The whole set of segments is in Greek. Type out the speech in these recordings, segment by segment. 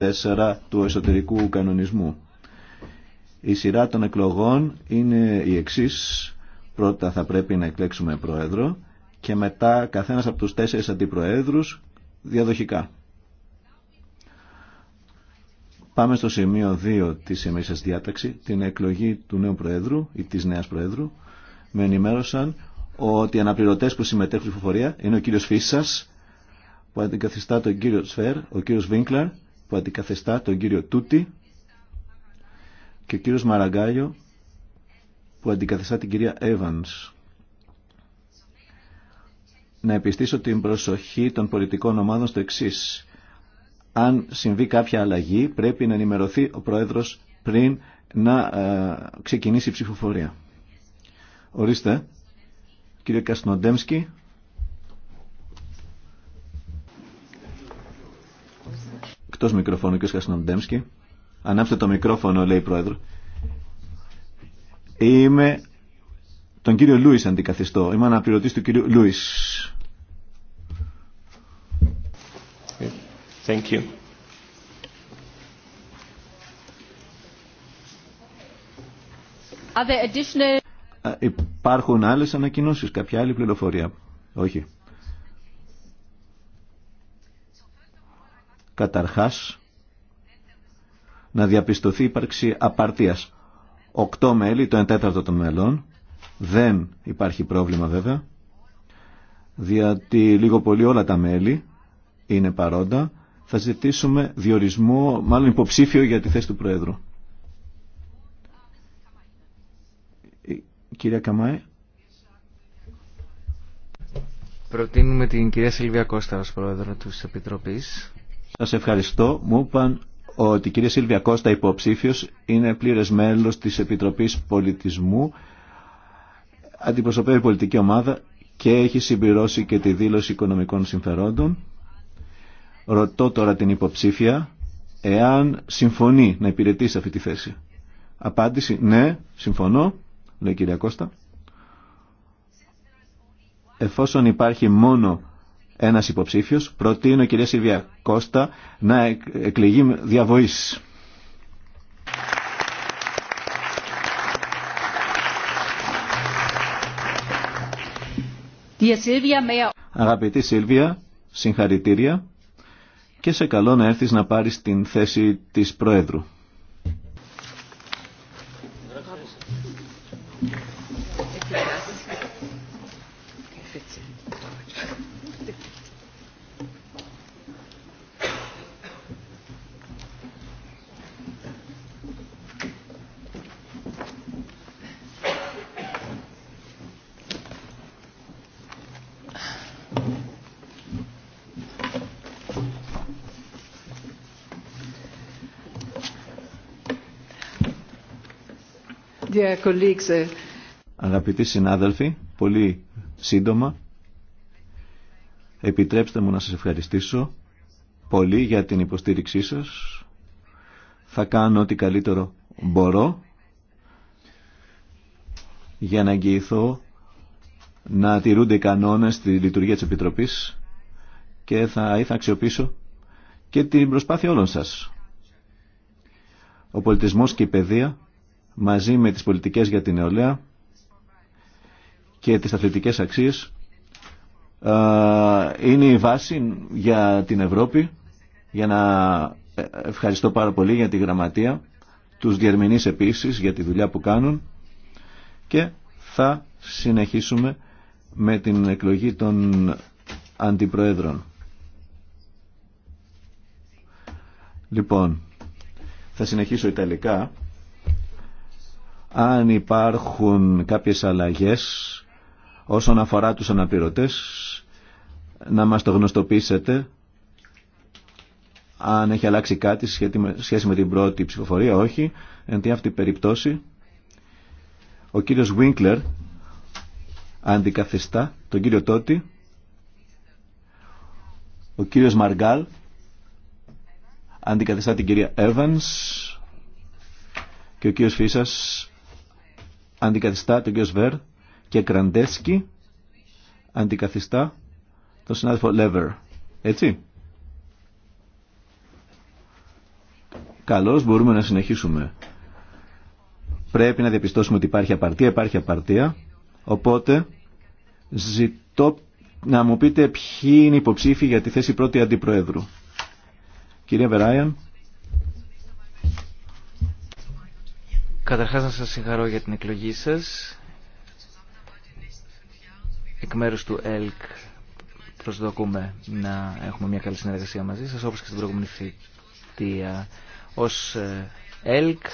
4 του εσωτερικού κανονισμού. Η σειρά των εκλογών είναι η εξής. Πρώτα θα πρέπει να εκλέξουμε πρόεδρο και μετά καθένας από τους τέσσερις αντιπροέδρους διαδοχικά. Πάμε στο σημείο 2 της σας διάταξη, την εκλογή του νέου προέδρου ή της νέας προέδρου. Με ενημέρωσαν ότι οι αναπληρωτές που συμμετέχουν στην ψηφοφορία είναι ο κύριος Φίσας που αντικαθιστά τον κύριο Σφέρ, ο κύριος Βίνκλαρ, που αντικαθεστά τον κύριο Τούτη και ο κύριος Μαραγκάλιο που αντικαθιστά την κυρία Evans. Να επιστήσω την προσοχή των πολιτικών ομάδων στο εξή. Αν συμβεί κάποια αλλαγή πρέπει να ενημερωθεί ο Πρόεδρος πριν να ε, ξεκινήσει η ψηφοφορία. Ορίστε, κύριε Καστνοντέμσκι. Εκτός μικροφώνου και ο Ανάψτε το μικρόφωνο, λέει η Πρόεδρο. Είμαι τον κύριο Λούις αντικαθιστώ. Είμαι αναπληρωτής του κύριου Λούις. Thank you. Are additional... Υπάρχουν άλλες ανακοινώσεις, κάποια άλλη πληροφορία. Όχι. Καταρχάς, να διαπιστωθεί ύπαρξη απαρτίας. Οκτώ μέλη, το εντέταρτο των μελών. Δεν υπάρχει πρόβλημα βέβαια, διότι λίγο πολύ όλα τα μέλη είναι παρόντα. Θα ζητήσουμε διορισμό, μάλλον υποψήφιο για τη θέση του Πρόεδρου. Κυρία Καμάη. Προτείνουμε την κυρία Σιλβία Κώστα ως Πρόεδρο της Επιτροπής. Σας ευχαριστώ. Μου είπαν ότι η κυρία Σίλβια Κώστα υποψήφιος είναι πλήρες μέλος της Επιτροπής Πολιτισμού, αντιπροσωπεύει πολιτική ομάδα και έχει συμπληρώσει και τη δήλωση οικονομικών συμφερόντων. Ρωτώ τώρα την υποψήφια εάν συμφωνεί να υπηρετεί σε αυτή τη θέση. Απάντηση ναι, συμφωνώ, λέει η κυρία Κώστα. Εφόσον υπάρχει μόνο ένας υποψήφιος, προτείνω κυρία Σιλβία Κώστα να εκλεγεί διαβοής. Αγαπητή Σίλβια, συγχαρητήρια και σε καλό να έρθεις να πάρεις την θέση της Προέδρου. Uh, Αγαπητοί συνάδελφοι, πολύ σύντομα Επιτρέψτε μου να σας ευχαριστήσω πολύ για την υποστήριξή σας. Θα κάνω ό,τι καλύτερο μπορώ για να εγγυηθώ να τηρούνται οι κανόνες στη λειτουργία της Επιτροπής και θα, θα αξιοποιήσω και την προσπάθεια όλων σας. Ο πολιτισμός και η παιδεία μαζί με τις πολιτικές για την νεολαία και τις αθλητικές αξίες ε, είναι η βάση για την Ευρώπη για να ε, ευχαριστώ πάρα πολύ για τη γραμματεία τους διερμηνείς επίσης για τη δουλειά που κάνουν και θα συνεχίσουμε με την εκλογή των αντιπροέδρων. Λοιπόν, θα συνεχίσω ιταλικά. Αν υπάρχουν κάποιες αλλαγές όσον αφορά τους αναπληρωτές, να μας το γνωστοποιήσετε αν έχει αλλάξει κάτι σχέση με την πρώτη ψηφοφορία, όχι. Εν τη αυτή περιπτώσει, ο κύριος Βίνκλερ αντικαθιστά τον κύριο Τότι, ο κύριος Μαργκάλ αντικαθιστά την κυρία Evans και ο κύριος Φίσας αντικαθιστά τον κύριο Σβέρ και Κραντέσκι αντικαθιστά το συνάδελφο Lever. Έτσι. Καλώς μπορούμε να συνεχίσουμε. Πρέπει να διαπιστώσουμε ότι υπάρχει απαρτία, υπάρχει απαρτία. Οπότε ζητώ να μου πείτε ποιοι είναι υποψήφοι για τη θέση πρώτη αντιπροέδρου. Κυρία Βεράιαν. Καταρχάς να σας συγχαρώ για την εκλογή σας εκ μέρους του ΕΛΚ προσδοκούμε να έχουμε μια καλή συνεργασία μαζί σας όπως και στην προηγούμενη θητεία. Ως ε, ΕΛΚ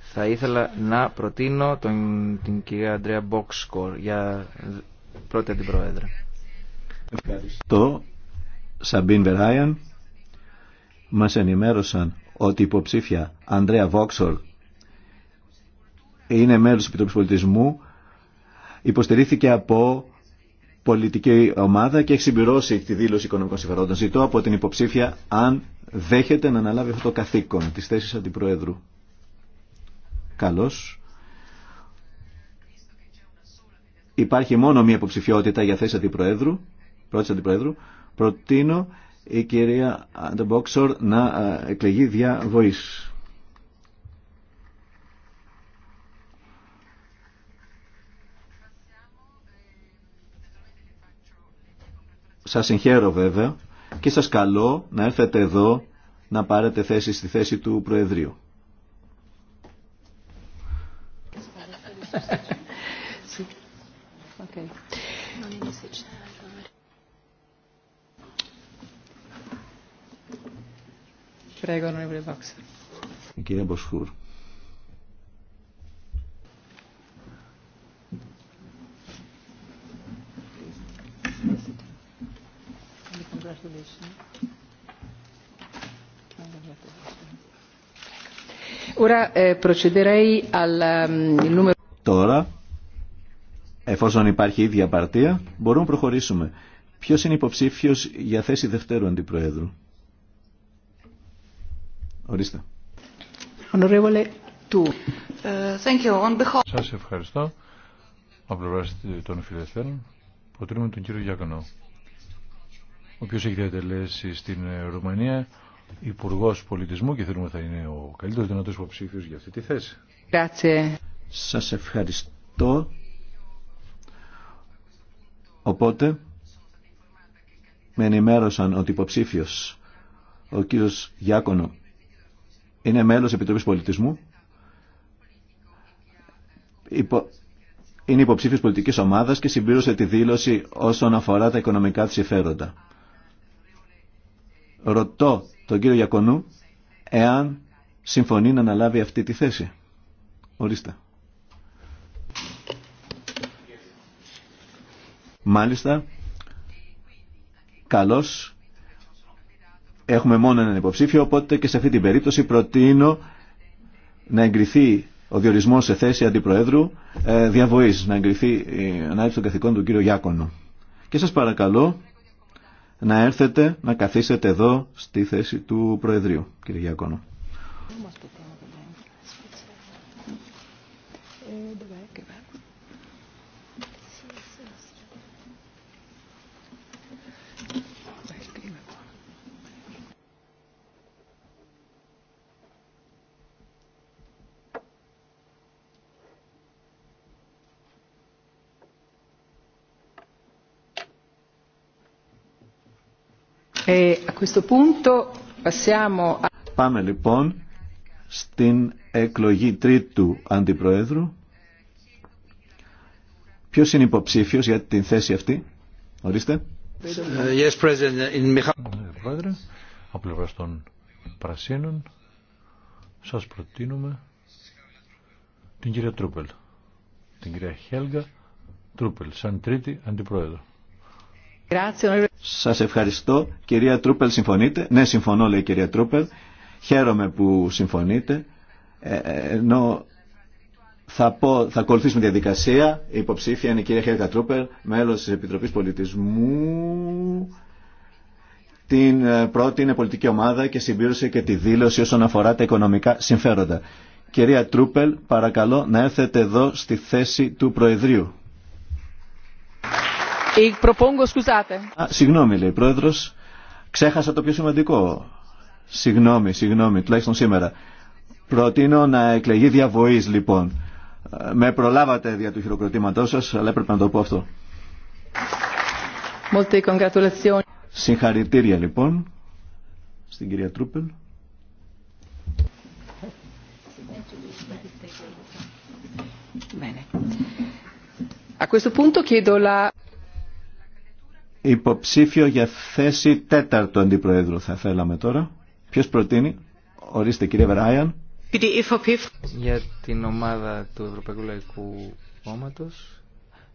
θα ήθελα να προτείνω τον, την κυρία Αντρέα Μπόξκορ για πρώτη αντιπρόεδρα. Ευχαριστώ. Σαμπίν Βεράιαν μας ενημέρωσαν ότι η υποψήφια Ανδρέα Βόξορ είναι μέλος της Επιτροπής Πολιτισμού υποστηρίχθηκε από πολιτική ομάδα και έχει συμπληρώσει τη δήλωση οικονομικών συμφερόντων. Ζητώ από την υποψήφια αν δέχεται να αναλάβει αυτό το καθήκον της θέσης Αντιπροέδρου. Καλώς. Υπάρχει μόνο μία υποψηφιότητα για θέση Αντιπροέδρου, πρώτη Αντιπροέδρου. Προτείνω η κυρία Αντεμπόξορ να ε, εκλεγεί δια βοής. Σας συγχαίρω βέβαια και σας καλώ να έρθετε εδώ να πάρετε θέση στη θέση του Προεδρείου. Κύριε Μποσχούρ. Eh, mm, Τώρα, εφόσον υπάρχει ίδια παρτία, μπορούμε να προχωρήσουμε. Ποιο είναι υποψήφιο για θέση δευτέρου αντιπροέδρου. Ορίστε. Ε, Σα ευχαριστώ. Από πλευρά των φιλελευθέρων, προτείνουμε τον κύριο Γιακανό ο οποίος έχει διατελέσει στην ε, Ρουμανία υπουργό Πολιτισμού και θέλουμε θα είναι ο καλύτερος δυνατός υποψήφιος για αυτή τη θέση. Σας ευχαριστώ. Οπότε με ενημέρωσαν ότι υποψήφιος ο κύριος Γιάκονο είναι μέλος Επιτροπής Πολιτισμού. Υπο... Είναι υποψήφιος πολιτικής ομάδας και συμπλήρωσε τη δήλωση όσον αφορά τα οικονομικά της συμφέροντα. Ρωτώ τον κύριο Γιακονού εάν συμφωνεί να αναλάβει αυτή τη θέση. Ορίστε. Μάλιστα, καλώς, έχουμε μόνο έναν υποψήφιο, οπότε και σε αυτή την περίπτωση προτείνω να εγκριθεί ο διορισμός σε θέση αντιπροέδρου ε, διαβοής, να εγκριθεί η ανάληψη των καθηκών του κύριου Γιάκονου. Και σας παρακαλώ να έρθετε να καθίσετε εδώ στη θέση του Προεδρείου, κύριε Γιακόνο. E, Πάμε λοιπόν στην εκλογή τρίτου αντιπροέδρου. Ποιος είναι υποψήφιος για την θέση αυτή. Ορίστε. Ε, yes, ε, από πλευρά των Πρασίνων, σας προτείνουμε την κυρία Τρούπελ, την κυρία Χέλγα Τρούπελ, σαν τρίτη αντιπρόεδρο. Σας ευχαριστώ. Κυρία Τρούπελ, συμφωνείτε. Ναι, συμφωνώ, λέει η κυρία Τρούπελ. Χαίρομαι που συμφωνείτε. Ε, ε, ενώ θα, θα ακολουθήσουμε τη διαδικασία. Η υποψήφια είναι η κυρία Χέρκα Τρούπελ, μέλος τη Επιτροπής Πολιτισμού. Την ε, πρώτη είναι πολιτική ομάδα και συμπλήρωσε και τη δήλωση όσον αφορά τα οικονομικά συμφέροντα. Κυρία Τρούπελ, παρακαλώ να έρθετε εδώ στη θέση του Προεδρείου συγγνώμη, λέει πρόεδρο, ξέχασα το πιο σημαντικό. Συγγνώμη, συγγνώμη, τουλάχιστον σήμερα. Προτείνω να εκλεγεί διαβοή, λοιπόν. Ε, με προλάβατε δια του χειροκροτήματό σα, αλλά έπρεπε να το πω αυτό. Συγχαρητήρια, λοιπόν, στην κυρία Τρούπελ. A questo punto chiedo la... Υποψήφιο για θέση τέταρτο αντιπροέδρου θα θέλαμε τώρα. Ποιος προτείνει. Ορίστε κύριε Βεράιαν. Για την ομάδα του Ευρωπαϊκού Λαϊκού Κόμματος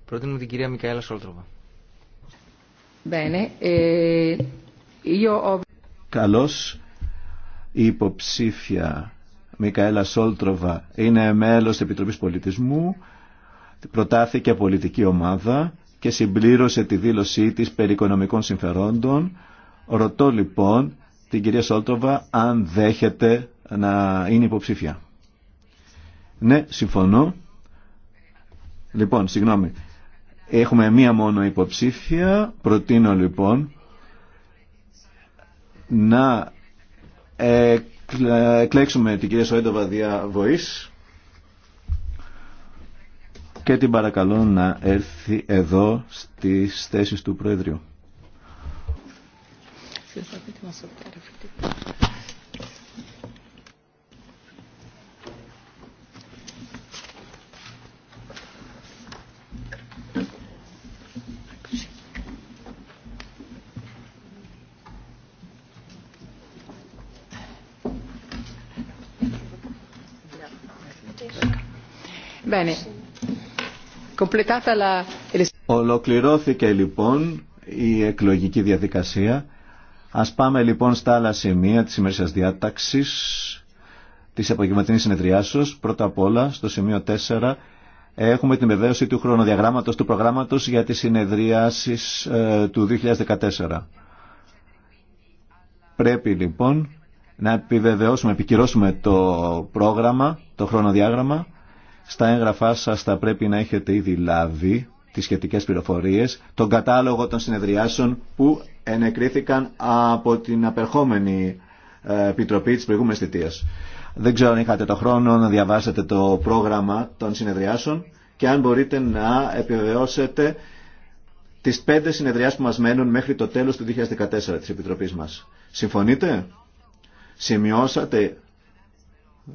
προτείνουμε την κυρία Μικαέλα Σόλτροβα. Eh, Καλώς η υποψήφια Μικαέλα Σόλτροβα είναι μέλος της Επιτροπής Πολιτισμού, προτάθηκε πολιτική ομάδα και συμπλήρωσε τη δήλωσή της περί οικονομικών συμφερόντων. Ρωτώ λοιπόν την κυρία Σόλτοβα αν δέχεται να είναι υποψήφια. Ναι, συμφωνώ. Λοιπόν, συγγνώμη. Έχουμε μία μόνο υποψήφια. Προτείνω λοιπόν να εκλέξουμε την κυρία Σόλτοβα δια βοής και την παρακαλώ να έρθει εδώ στις θέσεις του Πρόεδριου. Bene. Ολοκληρώθηκε λοιπόν η εκλογική διαδικασία. Ας πάμε λοιπόν στα άλλα σημεία της ημερήσιας διάταξης της απογευματινής συνεδριάσεως. Πρώτα απ' όλα στο σημείο 4 έχουμε την βεβαίωση του χρονοδιαγράμματος του προγράμματος για τις συνεδριάσεις ε, του 2014. Πρέπει λοιπόν να επιβεβαιώσουμε, επικυρώσουμε το πρόγραμμα, το χρονοδιάγραμμα στα έγγραφά σας θα πρέπει να έχετε ήδη λάβει τις σχετικές πληροφορίες, τον κατάλογο των συνεδριάσεων που ενεκρίθηκαν από την απερχόμενη ε, επιτροπή της προηγούμενης θητείας. Δεν ξέρω αν είχατε το χρόνο να διαβάσετε το πρόγραμμα των συνεδριάσεων και αν μπορείτε να επιβεβαιώσετε τις πέντε συνεδριάσεις που μας μένουν μέχρι το τέλος του 2014 της Επιτροπής μας. Συμφωνείτε? Σημειώσατε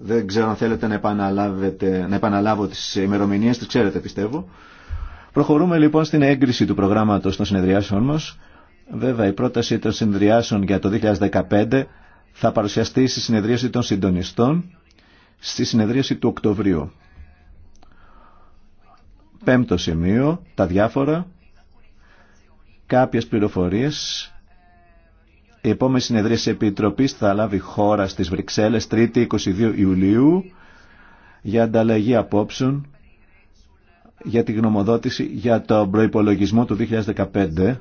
δεν ξέρω αν θέλετε να, επαναλάβετε, να επαναλάβω τις ημερομηνίες, τις ξέρετε πιστεύω. Προχωρούμε λοιπόν στην έγκριση του προγράμματος των συνεδριάσεων μας. Βέβαια η πρόταση των συνεδριάσεων για το 2015 θα παρουσιαστεί στη συνεδρίαση των συντονιστών στη συνεδρίαση του Οκτωβρίου. Πέμπτο σημείο, τα διάφορα, κάποιες πληροφορίες η επόμενη συνεδρία της Επιτροπής θα λάβει χώρα στις Βρυξέλλες 3η 22 Ιουλίου για ανταλλαγή απόψεων για τη γνωμοδότηση για τον προϋπολογισμό του 2015.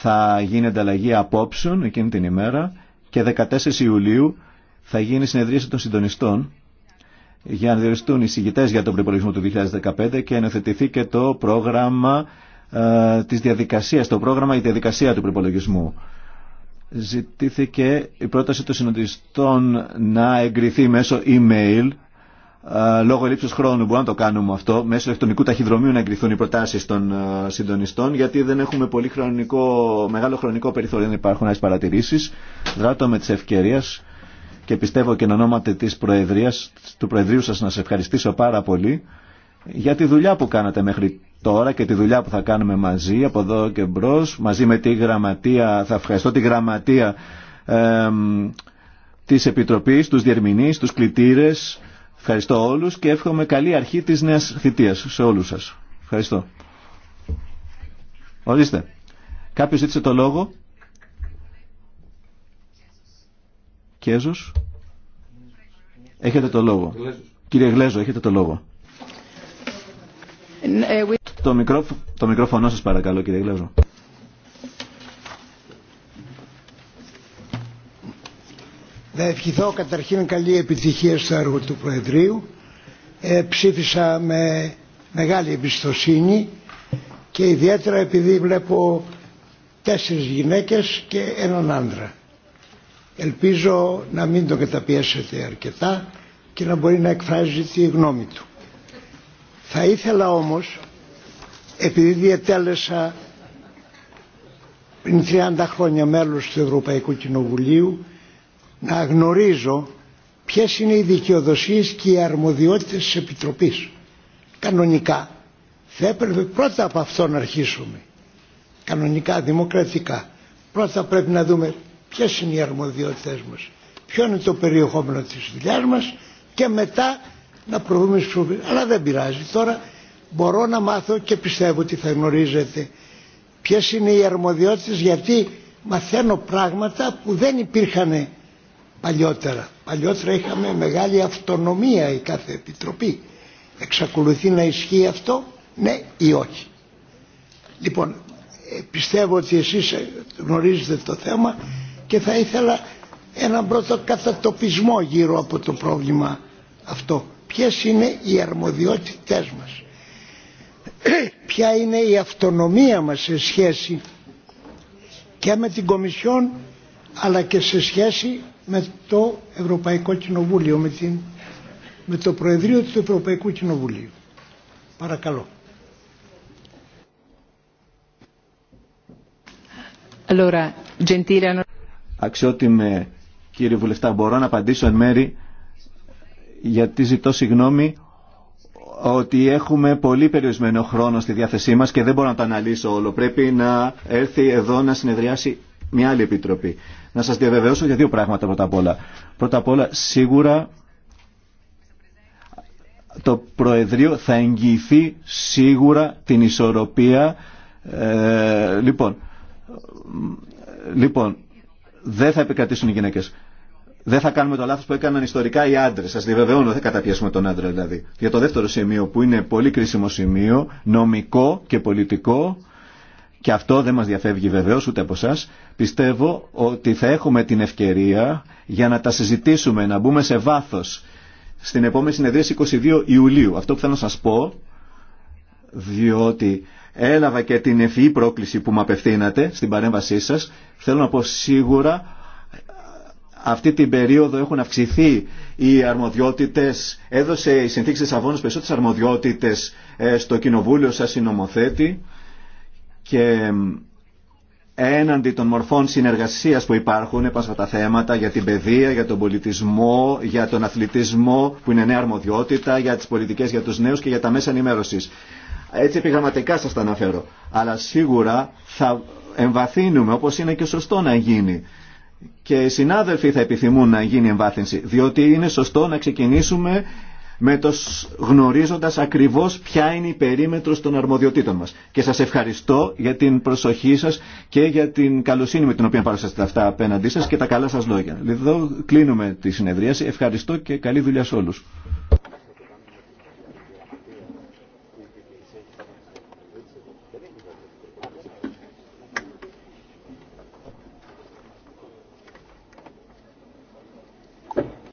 Θα γίνει ανταλλαγή απόψεων εκείνη την ημέρα και 14 Ιουλίου θα γίνει συνεδρίαση των συντονιστών για να διοριστούν οι συγητές για τον προϋπολογισμό του 2015 και να θετηθεί και το πρόγραμμα ε, της διαδικασίας, το πρόγραμμα, η διαδικασία του προπολογισμού. Ζητήθηκε η πρόταση των συνοδιστών να εγκριθεί μέσω email, ε, λόγω ελλείψης χρόνου μπορούμε να το κάνουμε αυτό, μέσω ηλεκτρονικού ταχυδρομείου να εγκριθούν οι προτάσεις των ε, συντονιστών, γιατί δεν έχουμε πολύ χρονικό, μεγάλο χρονικό περιθώριο, να υπάρχουν άλλες παρατηρήσεις. Δράτω με τις ευκαιρίες και πιστεύω και εν ονόματι της Προεδρίας, του Προεδρίου σας να σε ευχαριστήσω πάρα πολύ για τη δουλειά που κάνατε μέχρι τώρα και τη δουλειά που θα κάνουμε μαζί από εδώ και μπρο, μαζί με τη γραμματεία, θα ευχαριστώ τη γραμματεία ε, της Επιτροπής, τους διερμηνείς, τους κλητήρες. Ευχαριστώ όλους και εύχομαι καλή αρχή της νέας θητείας σε όλους σας. Ευχαριστώ. Ορίστε. Κάποιος ζήτησε το λόγο. Κέζος. Έχετε το λόγο. Κύριε Γλέζο, έχετε το λόγο. Το, μικρό, το μικρόφωνο σας παρακαλώ κύριε Γλέζο. Θα ευχηθώ καταρχήν καλή επιτυχία στο έργο του Προεδρείου. Ε, ψήφισα με μεγάλη εμπιστοσύνη και ιδιαίτερα επειδή βλέπω τέσσερις γυναίκες και έναν άντρα. Ελπίζω να μην τον καταπιέσετε αρκετά και να μπορεί να εκφράζει τη γνώμη του. Θα ήθελα όμως, επειδή διατέλεσα πριν 30 χρόνια μέλος του Ευρωπαϊκού Κοινοβουλίου, να γνωρίζω ποιες είναι οι δικαιοδοσίες και οι αρμοδιότητες της Επιτροπής. Κανονικά. Θα έπρεπε πρώτα από αυτό να αρχίσουμε. Κανονικά, δημοκρατικά. Πρώτα πρέπει να δούμε ποιες είναι οι αρμοδιότητες μας. Ποιο είναι το περιεχόμενο της δουλειάς μας και μετά να προβούμε στις Αλλά δεν πειράζει. Τώρα μπορώ να μάθω και πιστεύω ότι θα γνωρίζετε ποιες είναι οι αρμοδιότητες γιατί μαθαίνω πράγματα που δεν υπήρχαν παλιότερα. Παλιότερα είχαμε μεγάλη αυτονομία η κάθε επιτροπή. Εξακολουθεί να ισχύει αυτό, ναι ή όχι. Λοιπόν, ε, πιστεύω ότι εσείς ε, γνωρίζετε το θέμα και θα ήθελα έναν πρώτο κατατοπισμό γύρω από το πρόβλημα αυτό ποιες είναι οι αρμοδιότητές μας ποια είναι η αυτονομία μας σε σχέση και με την Κομισιόν αλλά και σε σχέση με το Ευρωπαϊκό Κοινοβούλιο με, την, με το Προεδρείο του Ευρωπαϊκού Κοινοβουλίου παρακαλώ Αξιότιμε κύριε Βουλευτά, μπορώ να απαντήσω εν μέρη γιατί ζητώ συγγνώμη ότι έχουμε πολύ περιορισμένο χρόνο στη διάθεσή μας και δεν μπορώ να το αναλύσω όλο. Πρέπει να έρθει εδώ να συνεδριάσει μια άλλη επιτροπή. Να σας διαβεβαιώσω για δύο πράγματα πρώτα απ' όλα. Πρώτα απ' όλα σίγουρα το Προεδρείο θα εγγυηθεί σίγουρα την ισορροπία. Ε, λοιπόν, λοιπόν, δεν θα επικρατήσουν οι γυναίκες δεν θα κάνουμε το λάθος που έκαναν ιστορικά οι άντρες. Σας διαβεβαιώνω, δεν καταπιέσουμε τον άντρα δηλαδή. Για το δεύτερο σημείο που είναι πολύ κρίσιμο σημείο, νομικό και πολιτικό, και αυτό δεν μας διαφεύγει βεβαίως ούτε από εσά. Πιστεύω ότι θα έχουμε την ευκαιρία για να τα συζητήσουμε, να μπούμε σε βάθος στην επόμενη συνεδρίαση 22 Ιουλίου. Αυτό που θέλω να σας πω, διότι έλαβα και την ευφυή πρόκληση που μου απευθύνατε στην παρέμβασή σας, θέλω να πω σίγουρα αυτή την περίοδο έχουν αυξηθεί οι αρμοδιότητες, έδωσε η συνθήκη της περισσότερες αρμοδιότητες ε, στο κοινοβούλιο σας συνομοθέτη και ε, έναντι των μορφών συνεργασίας που υπάρχουν πάνω τα θέματα για την παιδεία, για τον πολιτισμό, για τον αθλητισμό που είναι νέα αρμοδιότητα, για τις πολιτικές για τους νέους και για τα μέσα ενημέρωσης. Έτσι επιγραμματικά σας τα αναφέρω. Αλλά σίγουρα θα εμβαθύνουμε όπως είναι και σωστό να γίνει και οι συνάδελφοι θα επιθυμούν να γίνει εμβάθυνση, διότι είναι σωστό να ξεκινήσουμε με το γνωρίζοντας ακριβώς ποια είναι η περίμετρος των αρμοδιοτήτων μας. Και σας ευχαριστώ για την προσοχή σας και για την καλοσύνη με την οποία παρουσιάσατε αυτά απέναντί σας και τα καλά σας λόγια. Εδώ λοιπόν, κλείνουμε τη συνεδρίαση. Ευχαριστώ και καλή δουλειά σε όλους.